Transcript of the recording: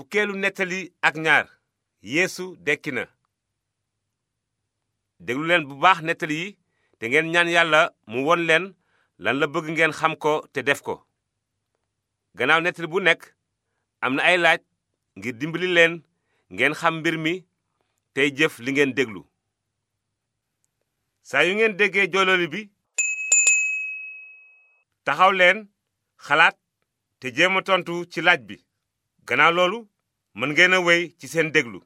fukkeelu nettali ak ñaar yéesu dekki na déglu leen bu baax nettali yi te ngeen ñaan yàlla mu won leen lan la bëgg ngeen xam ko te def ko gannaaw nettali bu nekk am na ay laaj ngir dimbali leen ngeen xam mbir mi tey jëf li ngeen déglu saa yu ngeen déggee jololi bi taxaw leen xalaat te jéema tontu ci laaj bi gannaaw loolu mën ngeen a wéy ci seen déglu